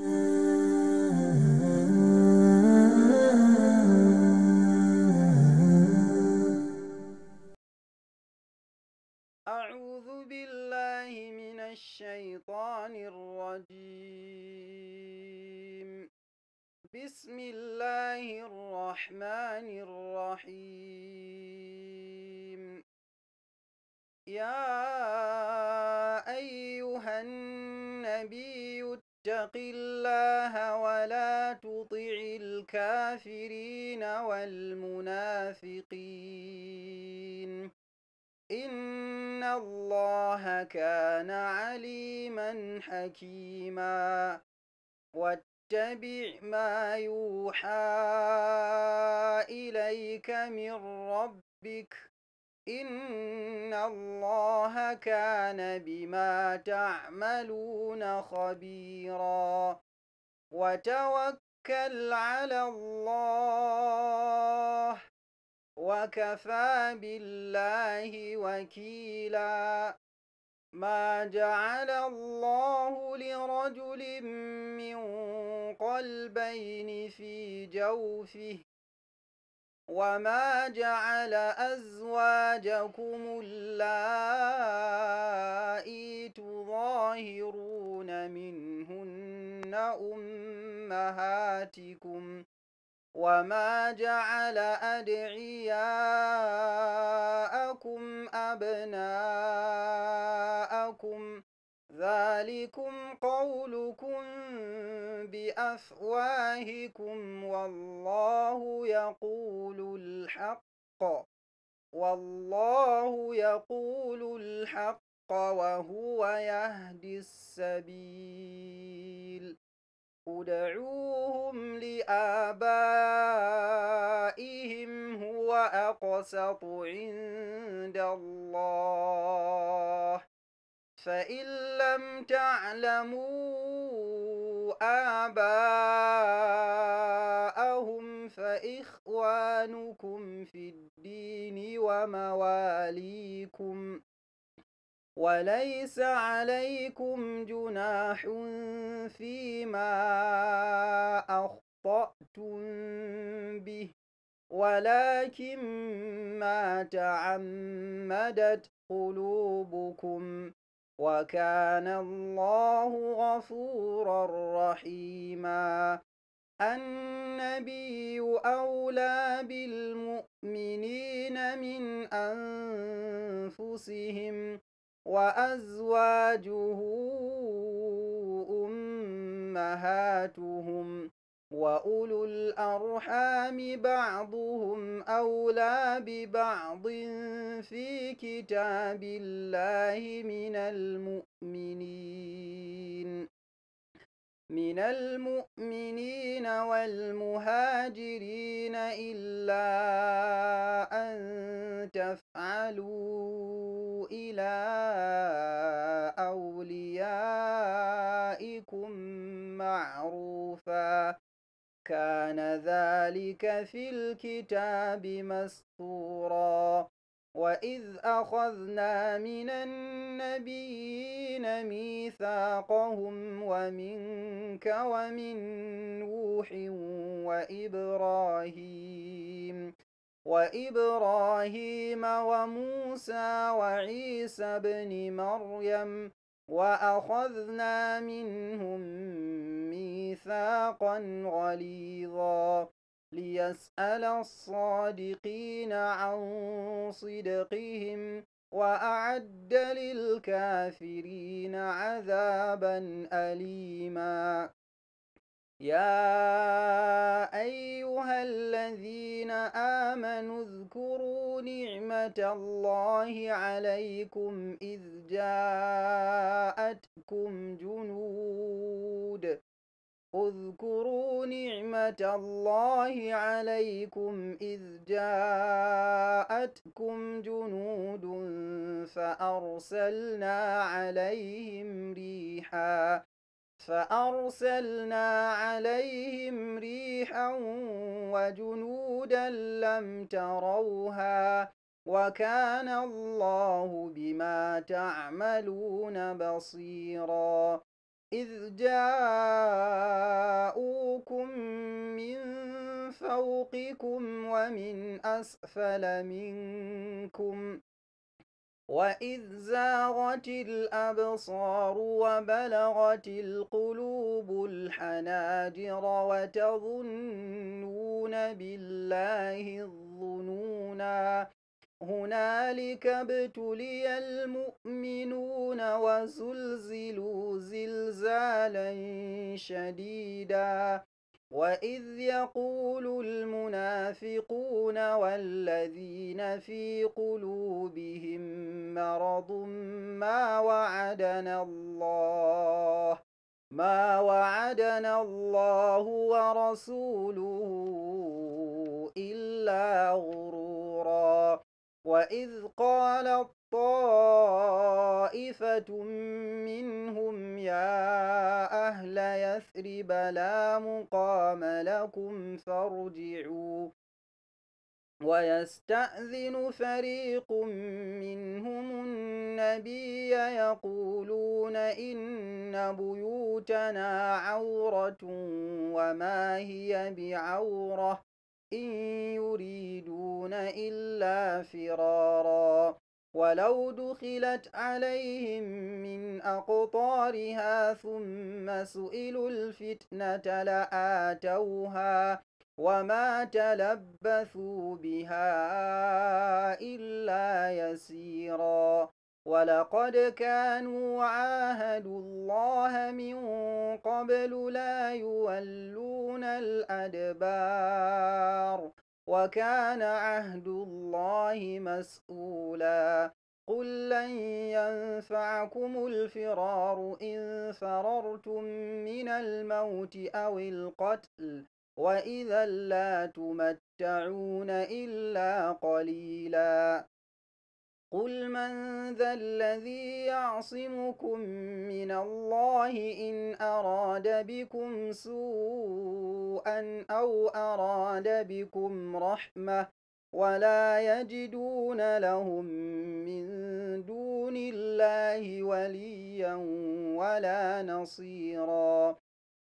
Thank you. الكافرين والمنافقين إن الله كان عليما حكيما واتبع ما يوحى إليك من ربك إن الله كان بما تعملون خبيرا وتوكل وتوكل على الله وكفى بالله وكيلا ما جعل الله لرجل من قلبين في جوفه وما جعل أزواجكم اللائي تظاهرون منهن أمة أمهاتكم وما جعل أدعياءكم أبناءكم ذلكم قولكم بأفواهكم والله يقول الحق والله يقول الحق وهو يهدي السبيل ادعوهم لآبائهم هو أقسط عند الله فإن لم تعلموا آباءهم فإخوانكم في الدين ومواليكم وليس عليكم جناح فيما أخطأتم به ولكن ما تعمدت قلوبكم وكان الله غفورا رحيما النبي أولى بالمؤمنين من أنفسهم وأزواجه أمهاتهم وأولو الأرحام بعضهم أولى ببعض في كتاب الله من المؤمنين من المؤمنين والمهاجرين إلا أن تفعلوا تفعلوا إلى أوليائكم معروفا كان ذلك في الكتاب مسطورا وإذ أخذنا من النبيين ميثاقهم ومنك ومن نوح وإبراهيم وإبراهيم وموسى وعيسى بن مريم وأخذنا منهم ميثاقا غليظا ليسأل الصادقين عن صدقهم وأعد للكافرين عذابا أليما يا أيها الذين الذين آمنوا اذكروا نعمة الله عليكم إذ جاءتكم جنود اذكروا نعمة الله عليكم إذ جاءتكم جنود فأرسلنا عليهم ريحاً فأرسلنا عليهم ريحا وجنودا لم تروها وكان الله بما تعملون بصيرا إذ جاءوكم من فوقكم ومن أسفل منكم وإذ زاغت الأبصار وبلغت القلوب الحناجر وتظنون بالله الظنونا هنالك ابتلي المؤمنون وزلزلوا زلزالا شديدا وإذ يقول المنافقون والذين في قلوبهم مرض ما وعدنا الله ما وعدنا الله ورسوله إلا غرورا وإذ قالت طائفة منهم يا أهل يثرب لا مقام لكم فارجعوا ويستأذن فريق منهم النبي يقولون إن بيوتنا عورة وما هي بعورة إن يريدون إلا فرارا ولو دخلت عليهم من أقطارها ثم سئلوا الفتنة لآتوها وما تلبثوا بها إلا يسيرا ولقد كانوا عاهدوا الله من قبل لا يولون الأدبار وكان عهد الله مسؤولا قل لن ينفعكم الفرار إن فررتم من الموت أو القتل وإذا لا تمتعون إلا قليلا قل من ذا الذي يعصمكم من الله إن أراد بكم سوءا أو أراد بكم رحمة ولا يجدون لهم من دون الله وليا ولا نصيرا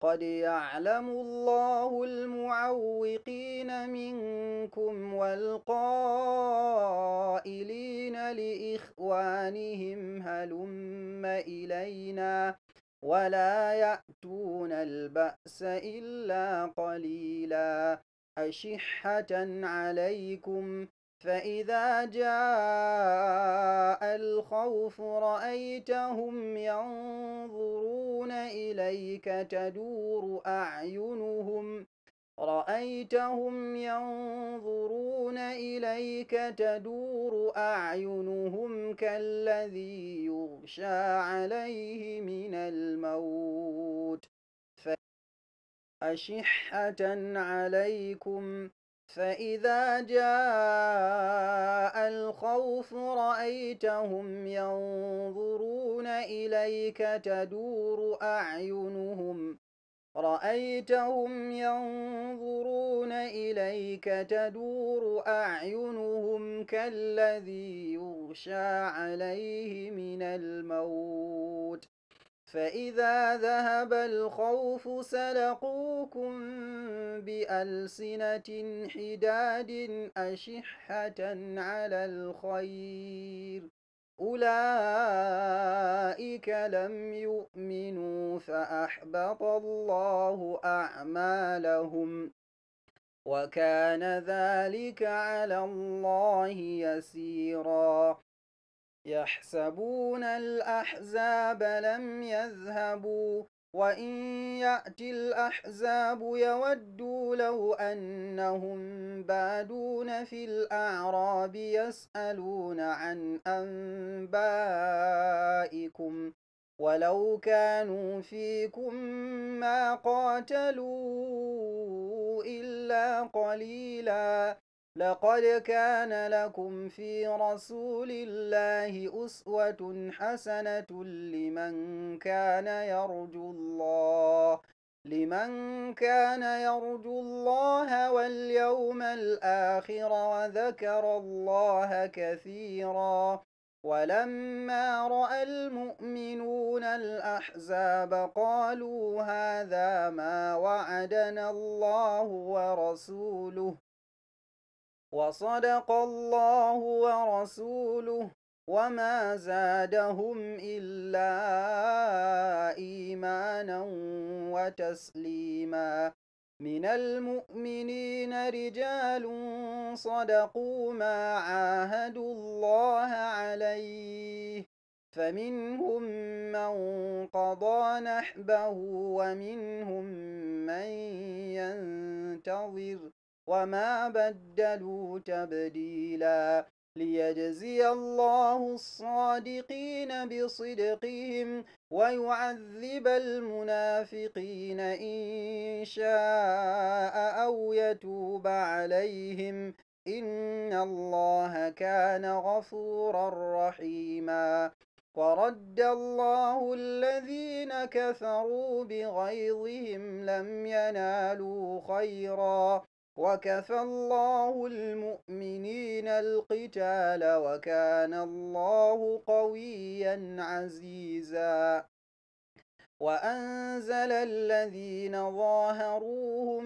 قد يعلم الله المعوقين منكم والقائلين لإخوانهم هلم إلينا ولا يأتون البأس إلا قليلا أشحة عليكم فإذا جاء الخوف رأيتهم ينظرون إليك تدور أعينهم رأيتهم ينظرون إليك تدور أعينهم كالذي يغشى عليه من الموت فأشحة عليكم فإذا جاء الخوف رأيتهم ينظرون إليك تدور أعينهم رأيتهم ينظرون إليك تدور أعينهم كالذي يغشى عليه من الموت فإذا ذهب الخوف سلقوكم بألسنة حداد أشحة على الخير أولئك لم يؤمنوا فأحبط الله أعمالهم وكان ذلك على الله يسيرا يحسبون الأحزاب لم يذهبوا وإن يأتي الأحزاب يودوا لو أنهم بادون في الأعراب يسألون عن أنبائكم ولو كانوا فيكم ما قاتلوا إلا قليلاً لقد كان لكم في رسول الله أسوة حسنة لمن كان يرجو الله لمن كان يرجو الله واليوم الآخر وذكر الله كثيرا ولما رأى المؤمنون الأحزاب قالوا هذا ما وعدنا الله ورسوله وصدق الله ورسوله وما زادهم إلا إيمانا وتسليما من المؤمنين رجال صدقوا ما عاهدوا الله عليه فمنهم من قضى نحبه ومنهم من ينتظر وما بدلوا تبديلا ليجزي الله الصادقين بصدقهم ويعذب المنافقين إن شاء أو يتوب عليهم إن الله كان غفورا رحيما ورد الله الذين كفروا بغيظهم لم ينالوا خيرا وكفى الله المؤمنين القتال وكان الله قويا عزيزا وأنزل الذين ظاهروهم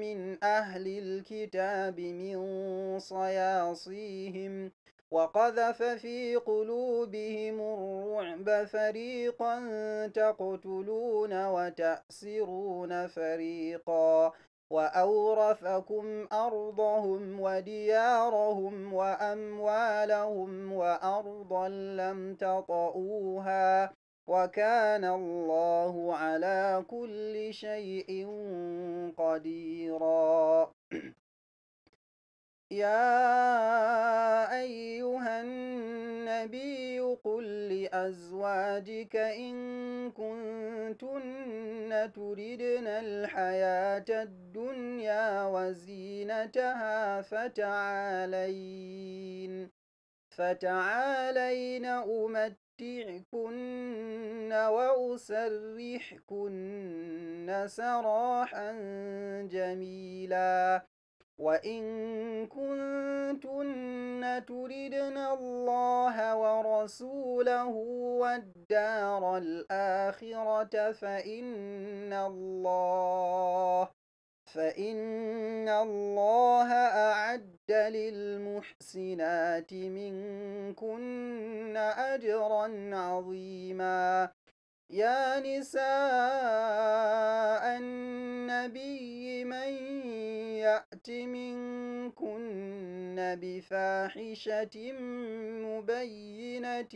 من أهل الكتاب من صياصيهم وقذف في قلوبهم الرعب فريقا تقتلون وتأسرون فريقا وأورثكم أرضهم وديارهم وأموالهم وأرضا لم تطئوها وكان الله على كل شيء قديرا يا أيها النبي قل لأزواجك إن كنتن تردن الحياة الدنيا وزينتها فتعالين فتعالين أمتعكن وأسرحكن سراحا جميلا وإن كنتن تردن الله ورسوله والدار الآخرة فإن الله فإن الله أعد للمحسنات منكن أجرا عظيما يا نساء النبي من يأت منكن بفاحشة مبينة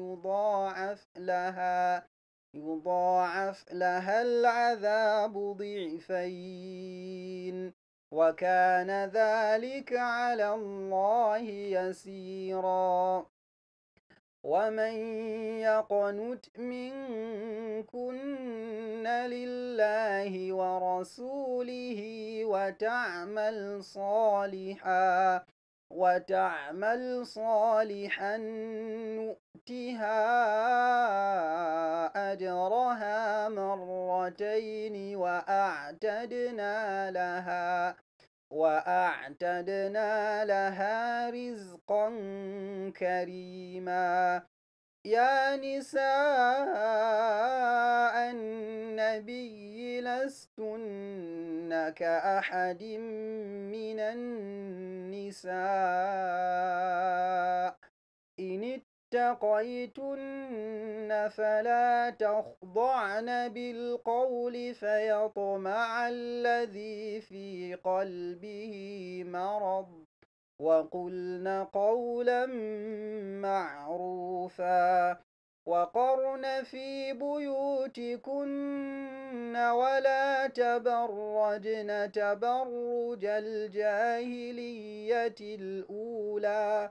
يضاعف لها يضاعف لها العذاب ضعفين وكان ذلك على الله يسيرا ومن يقنت منكن لله ورسوله وتعمل صالحا وتعمل صالحا نؤتها أجرها مرتين وأعتدنا لها وأعتدنا لها رزقا كريما يا نساء النبي لستن كأحد من النساء اتقيتن فلا تخضعن بالقول فيطمع الذي في قلبه مرض وقلن قولا معروفا وقرن في بيوتكن ولا تبرجن تبرج الجاهلية الأولى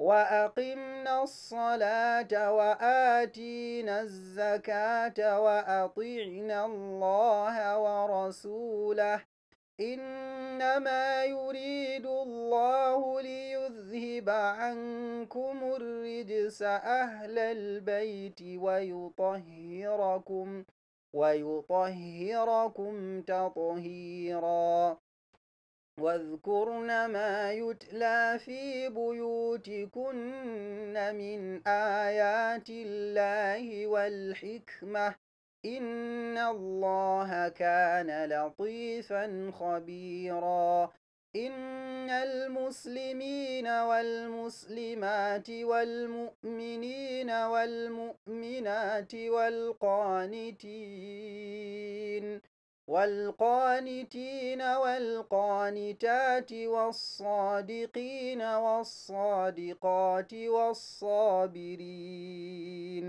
وأقمنا الصلاة وآتينا الزكاة وأطعنا الله ورسوله إنما يريد الله ليذهب عنكم الرجس أهل البيت ويطهركم ويطهركم تطهيرا واذكرن ما يتلى في بيوتكن من آيات الله والحكمة إن الله كان لطيفا خبيرا إن المسلمين والمسلمات والمؤمنين والمؤمنات والقانتين والقانتين والقانتات والصادقين والصادقات والصابرين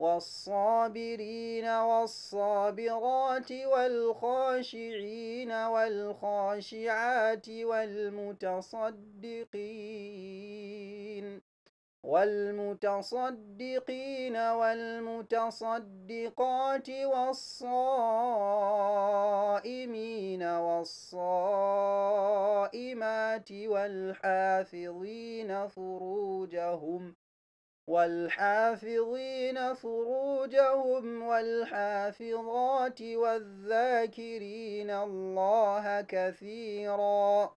والصابرين والصابرات والخاشعين والخاشعات والمتصدقين والمتصدقين والمتصدقات والصائمين والصائمات والحافظين فروجهم والحافظين فروجهم والحافظات والذاكرين الله كثيراً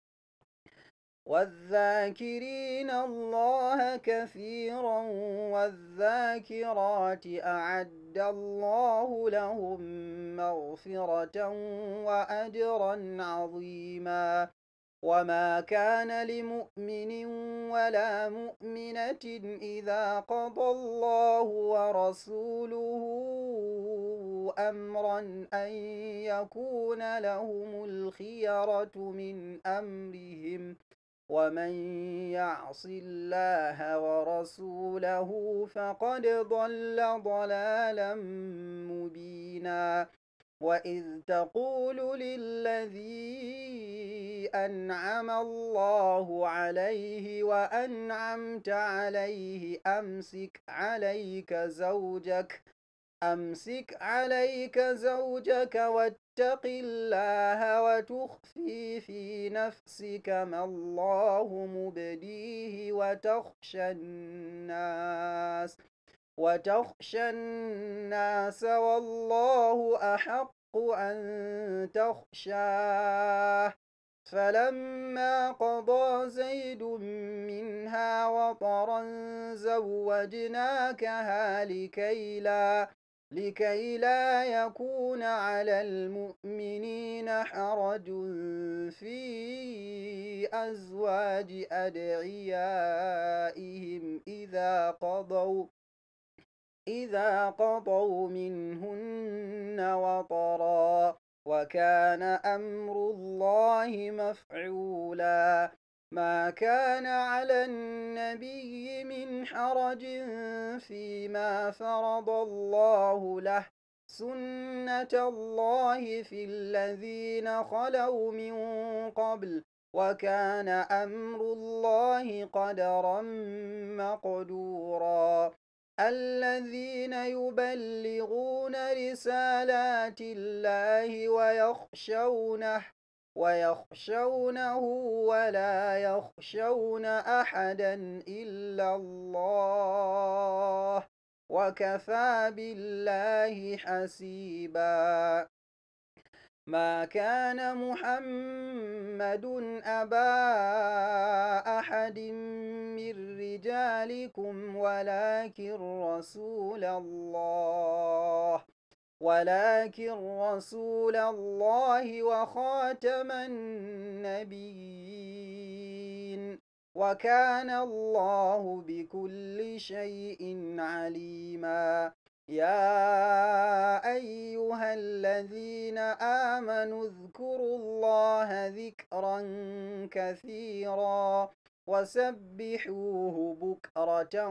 والذاكرين الله كثيرا والذاكرات أعد الله لهم مغفرة وأجرا عظيما وما كان لمؤمن ولا مؤمنة إذا قضى الله ورسوله أمرا أن يكون لهم الخيرة من أمرهم ومن يعص الله ورسوله فقد ضل ضلالا مبينا وإذ تقول للذي أنعم الله عليه وأنعمت عليه أمسك عليك زوجك أمسك عليك زوجك واتق الله وتخفي في نفسك ما الله مبديه وتخشى الناس وتخشى الناس والله أحق أن تخشاه فلما قضى زيد منها وطرا زوجناكها لكي لا لكي لا يكون على المؤمنين حرج في أزواج أدعيائهم إذا قضوا إذا قضوا منهن وطرا وكان أمر الله مفعولا ما كان على النبي من حرج فيما فرض الله له سنة الله في الذين خلوا من قبل وكان أمر الله قدرا مقدورا الذين يبلغون رسالات الله ويخشونه ويخشونه ولا يخشون احدا الا الله وكفى بالله حسيبا ما كان محمد ابا احد من رجالكم ولكن رسول الله ولكن رسول الله وخاتم النبيين وكان الله بكل شيء عليما يا أيها الذين آمنوا اذكروا الله ذكرا كثيرا وسبحوه بكرة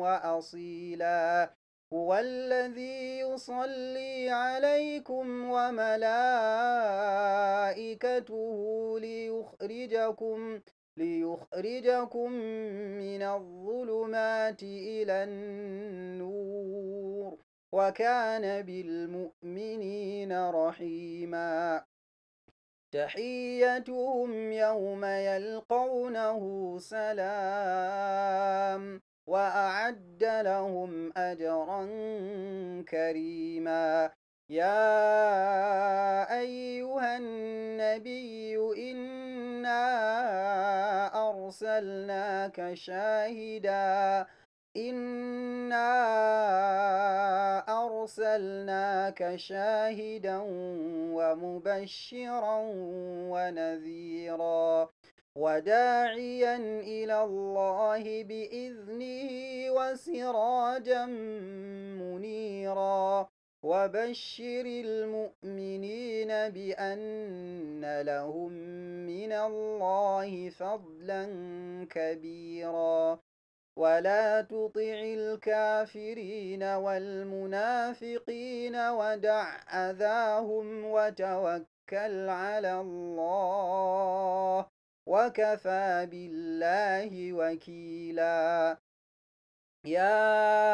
وأصيلا هو الذي يصلي عليكم وملائكته ليخرجكم ليخرجكم من الظلمات إلى النور وكان بالمؤمنين رحيما تحيتهم يوم يلقونه سلام وأعد لهم أجرا كريما يا أيها النبي إنا أرسلناك شاهدا إنا أرسلناك شاهدا ومبشرا ونذيرا وداعيا إلى الله بإذنه وسراجا منيرا وبشر المؤمنين بأن لهم من الله فضلا كبيرا ولا تطع الكافرين والمنافقين ودع أذاهم وتوكل على الله وكفى بالله وكيلا يا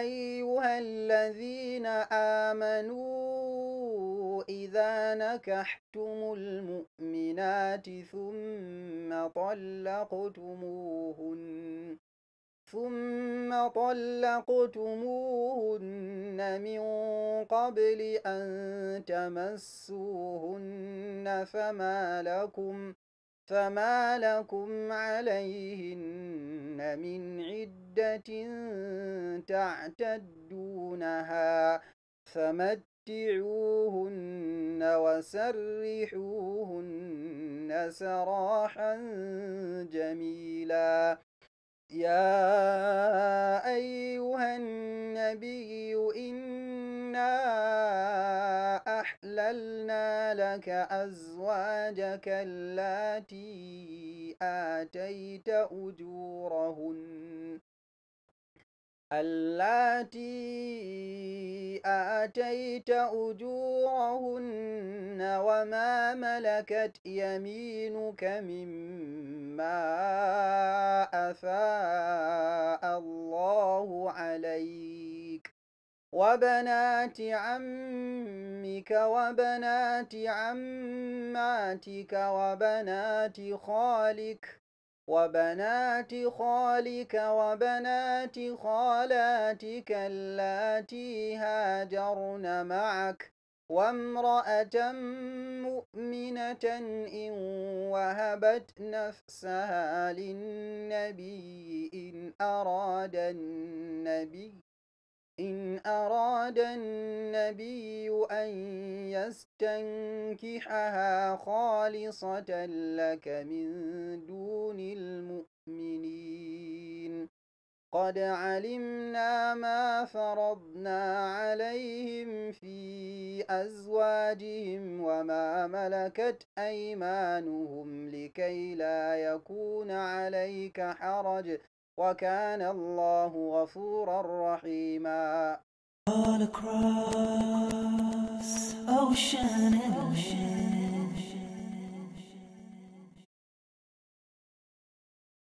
أيها الذين آمنوا إذا نكحتم المؤمنات ثم طلقتموهن ثم طلقتموهن من قبل أن تمسوهن فما لكم فما لكم عليهن من عدة تعتدونها فمتعوهن وسرحوهن سراحا جميلا يا أيها النبي إنا أحللنا لك أزواجك اللاتي آتيت أجورهن اللاتي آتيت أجورهن وما ملكت يمينك مما أفاء الله عليك وبنات عمك وبنات عماتك وبنات خالك وبنات خالك وبنات خالاتك اللاتي هاجرن معك وامرأة مؤمنة إن وهبت نفسها للنبي إن أراد النبي إن أراد النبي أن يستنكحها خالصة لك من دون المؤمنين قد علمنا ما فرضنا عليهم في أزواجهم وما ملكت أيمانهم لكي لا يكون عليك حرج وكان الله غفورا رحيما All across ocean and ocean